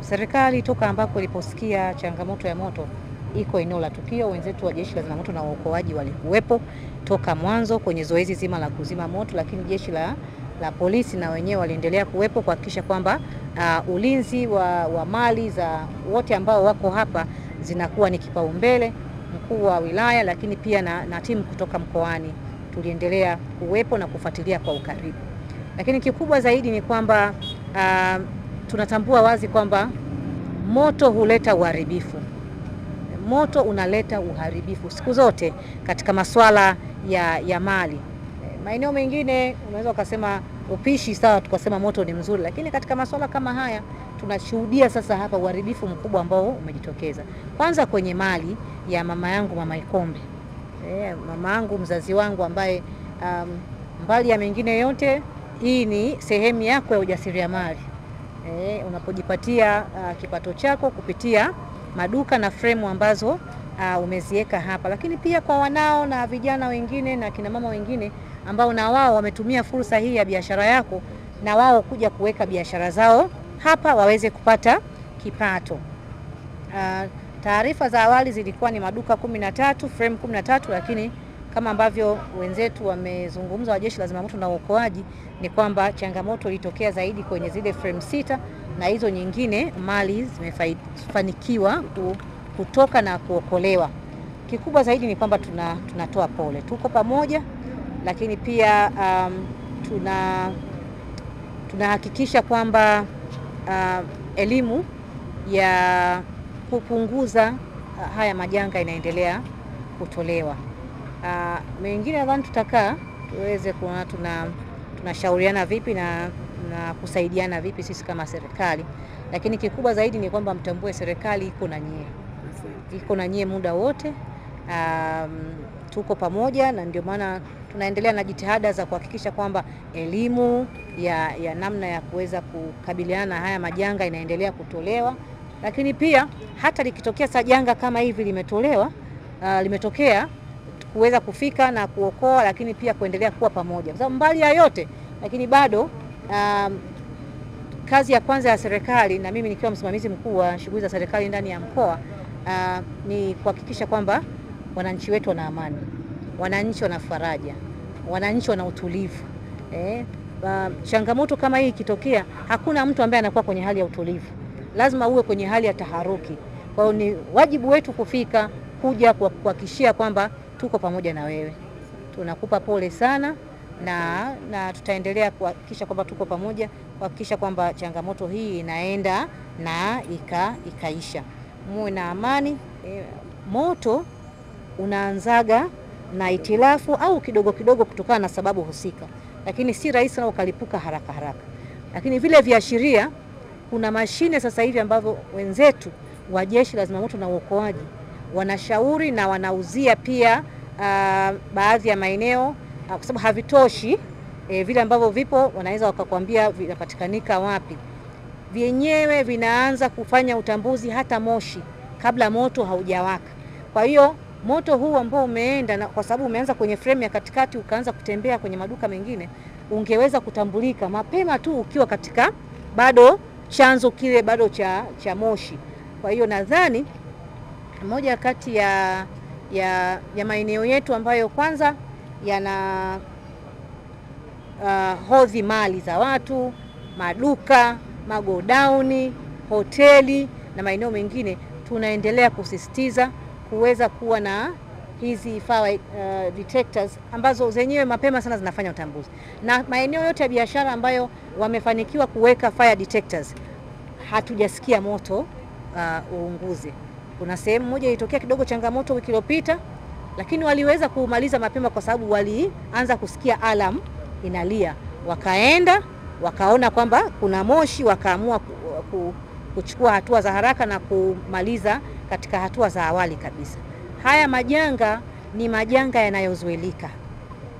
serikali toka ambako iliposikia changamoto ya moto iko eneo la tukio, wenzetu wa jeshi la zimamoto na waokoaji walikuwepo toka mwanzo kwenye zoezi zima la kuzima moto, lakini jeshi la, la polisi na wenyewe waliendelea kuwepo kuhakikisha kwamba uh, ulinzi wa, wa mali za wote ambao wako hapa zinakuwa ni kipaumbele. Mkuu wa wilaya lakini pia na, na timu kutoka mkoani tuliendelea kuwepo na kufuatilia kwa ukaribu, lakini kikubwa zaidi ni kwamba uh, tunatambua wazi kwamba moto huleta uharibifu. Moto unaleta uharibifu siku zote katika masuala ya, ya mali. Maeneo mengine unaweza ukasema upishi sawa, tukasema moto ni mzuri, lakini katika masuala kama haya tunashuhudia sasa hapa uharibifu mkubwa ambao umejitokeza, kwanza kwenye mali ya mama yangu mama Ikombe, e, mama yangu mzazi wangu ambaye um, mbali ya mengine yote hii ni sehemu yako ya ujasiriamali e, unapojipatia uh, kipato chako kupitia maduka na fremu ambazo uh, ah, umeziweka hapa, lakini pia kwa wanao na vijana wengine na kinamama wengine ambao na wao wametumia fursa hii ya biashara yako na wao kuja kuweka biashara zao hapa waweze kupata kipato. Uh, taarifa za awali zilikuwa ni maduka kumi na tatu fremu kumi na tatu lakini kama ambavyo wenzetu wamezungumza wa jeshi la zimamoto na uokoaji, ni kwamba changamoto ilitokea zaidi kwenye zile frame sita, na hizo nyingine mali zimefanikiwa kutoka na kuokolewa. Kikubwa zaidi ni kwamba tuna, tunatoa pole, tuko pamoja, lakini pia um, tuna tunahakikisha kwamba uh, elimu ya kupunguza haya majanga inaendelea kutolewa uh, mengine nadhani tutakaa tuweze kuona tuna tunashauriana vipi na, na kusaidiana vipi sisi kama serikali, lakini kikubwa zaidi ni kwamba mtambue serikali iko na nyie, iko na nyie muda wote. Um, tuko pamoja na ndio maana tunaendelea na jitihada za kuhakikisha kwamba elimu ya, ya namna ya kuweza kukabiliana na haya majanga inaendelea kutolewa, lakini pia hata likitokea sa janga kama hivi limetolewa uh, limetokea kuweza kufika na kuokoa, lakini pia kuendelea kuwa pamoja, kwa sababu mbali ya yote lakini bado um, kazi ya kwanza ya serikali na mimi nikiwa msimamizi mkuu wa shughuli za serikali ndani ya mkoa uh, ni kuhakikisha kwamba wananchi wetu wana amani, wananchi wana faraja, wananchi wana utulivu eh. Uh, changamoto kama hii ikitokea, hakuna mtu ambaye anakuwa kwenye hali ya utulivu, lazima uwe kwenye hali ya taharuki. Kwa hiyo ni wajibu wetu kufika kuja kuhakikishia kwamba tuko pamoja na wewe, tunakupa pole sana na, na tutaendelea kuhakikisha kwamba tuko pamoja kuhakikisha kwamba changamoto hii inaenda na ika, ikaisha. Muwe na amani. E, moto unaanzaga na itilafu au kidogo kidogo kutokana na sababu husika, lakini si rahisi na ukalipuka haraka haraka, lakini vile viashiria, kuna mashine sasa hivi ambavyo wenzetu wa jeshi la zimamoto na uokoaji wanashauri na wanauzia pia uh, baadhi ya maeneo uh, kwa sababu havitoshi eh, vile ambavyo vipo wanaweza wakakwambia vinapatikanika wapi. Vyenyewe vinaanza kufanya utambuzi hata moshi kabla moto haujawaka. Kwa hiyo moto huu ambao umeenda na kwa sababu umeanza kwenye fremu ya katikati ukaanza kutembea kwenye maduka mengine, ungeweza kutambulika mapema tu ukiwa katika bado chanzo kile bado cha, cha moshi. Kwa hiyo nadhani moja kati ya, ya, ya maeneo yetu ambayo kwanza yana uh, hodhi mali za watu, maduka, magodauni, hoteli na maeneo mengine, tunaendelea kusisitiza kuweza kuwa na hizi fire uh, detectors ambazo zenyewe mapema sana zinafanya utambuzi, na maeneo yote ya biashara ambayo wamefanikiwa kuweka fire detectors hatujasikia moto uh, uunguzi. uunguze. Kuna sehemu moja ilitokea kidogo changamoto wiki iliyopita, lakini waliweza kumaliza mapema kwa sababu walianza kusikia alam inalia, wakaenda wakaona kwamba kuna moshi, wakaamua kuchukua hatua za haraka na kumaliza katika hatua za awali kabisa. Haya majanga ni majanga yanayozuilika,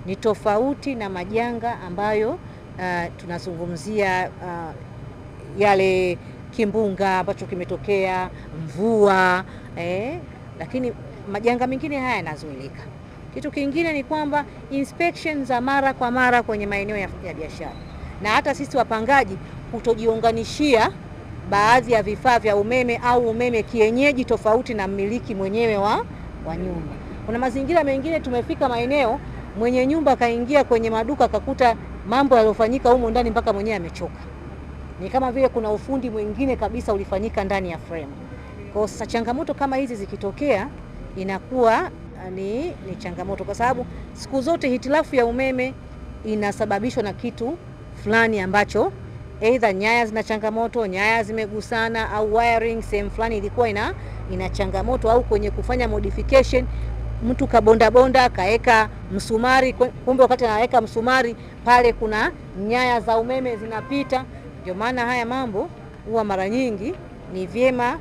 ni tofauti na majanga ambayo uh, tunazungumzia uh, yale kimbunga ambacho kimetokea, mvua eh, lakini majanga mengine haya yanazuilika. Kitu kingine ni kwamba inspection za mara kwa mara kwenye maeneo ya, ya biashara na hata sisi wapangaji kutojiunganishia baadhi ya vifaa vya umeme au umeme kienyeji tofauti na mmiliki mwenyewe wa, wa nyumba. Kuna mazingira mengine tumefika maeneo mwenye nyumba akaingia kwenye maduka akakuta mambo yaliyofanyika humo ndani mpaka mwenyewe amechoka ni kama vile kuna ufundi mwingine kabisa ulifanyika ndani ya frame. Kwa sasa changamoto kama hizi zikitokea inakuwa ah, ni, ni changamoto kwa sababu siku zote hitilafu ya umeme inasababishwa na kitu fulani ambacho aidha nyaya zina changamoto, nyaya zimegusana, au wiring sehemu fulani ilikuwa ina, ina changamoto, au kwenye kufanya modification mtu kabondabonda kaweka msumari, kumbe wakati anaweka msumari pale kuna nyaya za umeme zinapita. Ndio maana haya mambo huwa mara nyingi ni vyema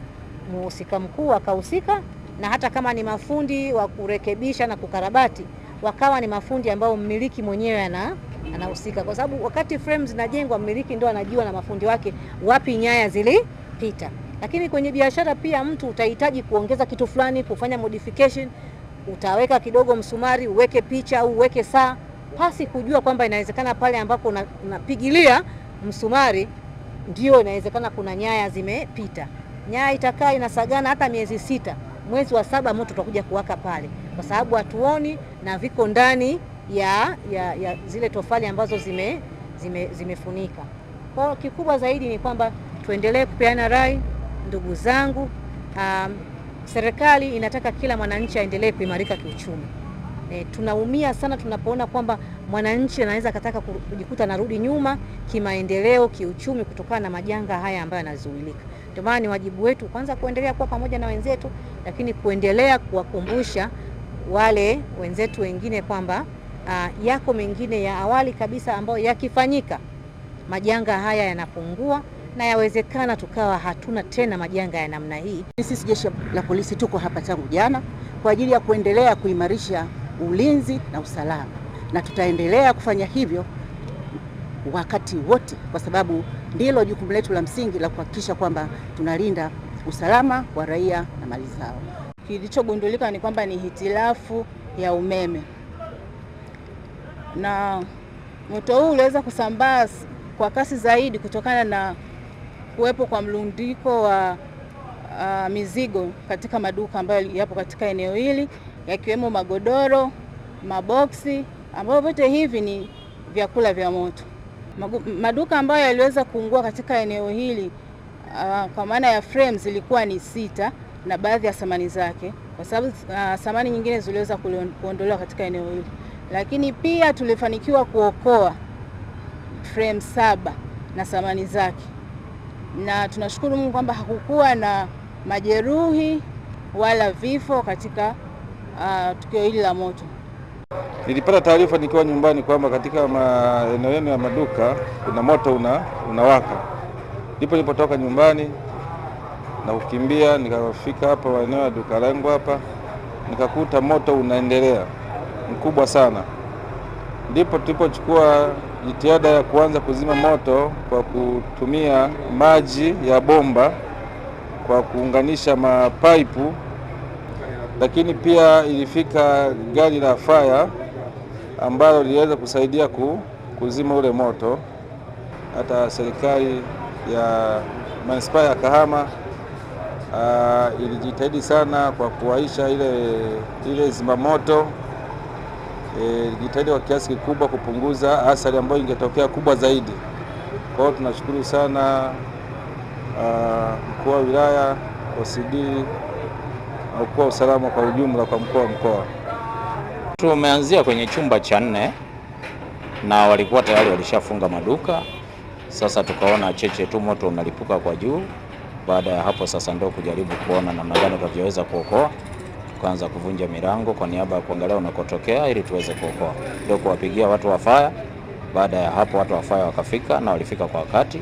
muhusika mkuu akahusika, na hata kama ni mafundi wa kurekebisha na kukarabati, wakawa ni mafundi ambao mmiliki mwenyewe ana anahusika, kwa sababu wakati frame zinajengwa mmiliki ndo anajua na mafundi wake wapi nyaya zilipita. Lakini kwenye biashara pia mtu utahitaji kuongeza kitu fulani, kufanya modification, utaweka kidogo msumari, uweke picha au uweke saa, pasi kujua kwamba inawezekana pale ambapo unapigilia una msumari, ndio inawezekana kuna nyaya zimepita. Nyaya itakaa inasagana hata miezi sita, mwezi wa saba moto utakuja kuwaka pale, kwa sababu hatuoni na viko ndani ya, ya, ya zile tofali ambazo zime, zime, zimefunika. Kwa kikubwa zaidi ni kwamba tuendelee kupeana rai, ndugu zangu. Um, serikali inataka kila mwananchi aendelee kuimarika kiuchumi. E, tunaumia sana tunapoona kwamba mwananchi anaweza akataka kujikuta anarudi nyuma kimaendeleo, kiuchumi kutokana na majanga haya ambayo yanazuilika. Ndio maana ni wajibu wetu kwanza kuendelea kuwa pamoja na wenzetu, lakini kuendelea kuwakumbusha wale wenzetu wengine kwamba ah, yako mengine ya awali kabisa ambayo yakifanyika majanga haya yanapungua na yawezekana tukawa hatuna tena majanga ya namna hii. Sisi jeshi la polisi tuko hapa tangu jana kwa ajili ya kuendelea kuimarisha ulinzi na usalama, na tutaendelea kufanya hivyo wakati wote, kwa sababu ndilo jukumu letu la msingi la kuhakikisha kwamba tunalinda usalama wa raia na mali zao. Kilichogundulika ni kwamba ni hitilafu ya umeme na moto huu uliweza kusambaa kwa kasi zaidi kutokana na kuwepo kwa mlundiko wa a, ah, mizigo katika maduka ambayo yapo katika eneo hili yakiwemo magodoro, maboksi ambayo vyote hivi ni vyakula vya moto. Maduka ambayo yaliweza kuungua katika eneo hili uh, kwa maana ya frames zilikuwa ni sita na baadhi ya samani zake, kwa sababu uh, samani nyingine ziliweza kuondolewa katika eneo hili, lakini pia tulifanikiwa kuokoa frame saba na samani zake, na tunashukuru Mungu kwamba hakukuwa na majeruhi wala vifo katika uh, tukio hili la moto. Nilipata taarifa nikiwa nyumbani kwamba katika maeneo yenu ya maduka kuna moto una unawaka, ndipo nilipotoka nyumbani na kukimbia nikafika hapa maeneo ya duka langu hapa, nikakuta moto unaendelea mkubwa sana, ndipo tulipochukua jitihada ya kuanza kuzima moto kwa kutumia maji ya bomba kwa kuunganisha mapaipu lakini pia ilifika gari la faya ambalo liliweza kusaidia ku, kuzima ule moto. Hata serikali ya manispaa ya Kahama uh, ilijitahidi sana kwa kuwaisha ile, ile zimamoto e, ilijitahidi e, kwa kiasi kikubwa kupunguza athari ambayo ingetokea kubwa zaidi. Kwa hiyo tunashukuru sana uh, mkuu wa wilaya OCD kuwa usalama kwa ujumla kwa mkoa wa Mkoa. Tumeanzia kwenye chumba cha nne na walikuwa tayari walishafunga maduka. Sasa tukaona cheche tu moto unalipuka kwa juu. Baada ya hapo sasa ndio kujaribu kuona namna gani tunavyoweza kuokoa. Tukaanza kuvunja milango kwa niaba ya kuangalia unakotokea ili tuweze kuokoa, ndio kuwapigia watu wa faya. Baada ya hapo watu wa faya wakafika na walifika kwa wakati.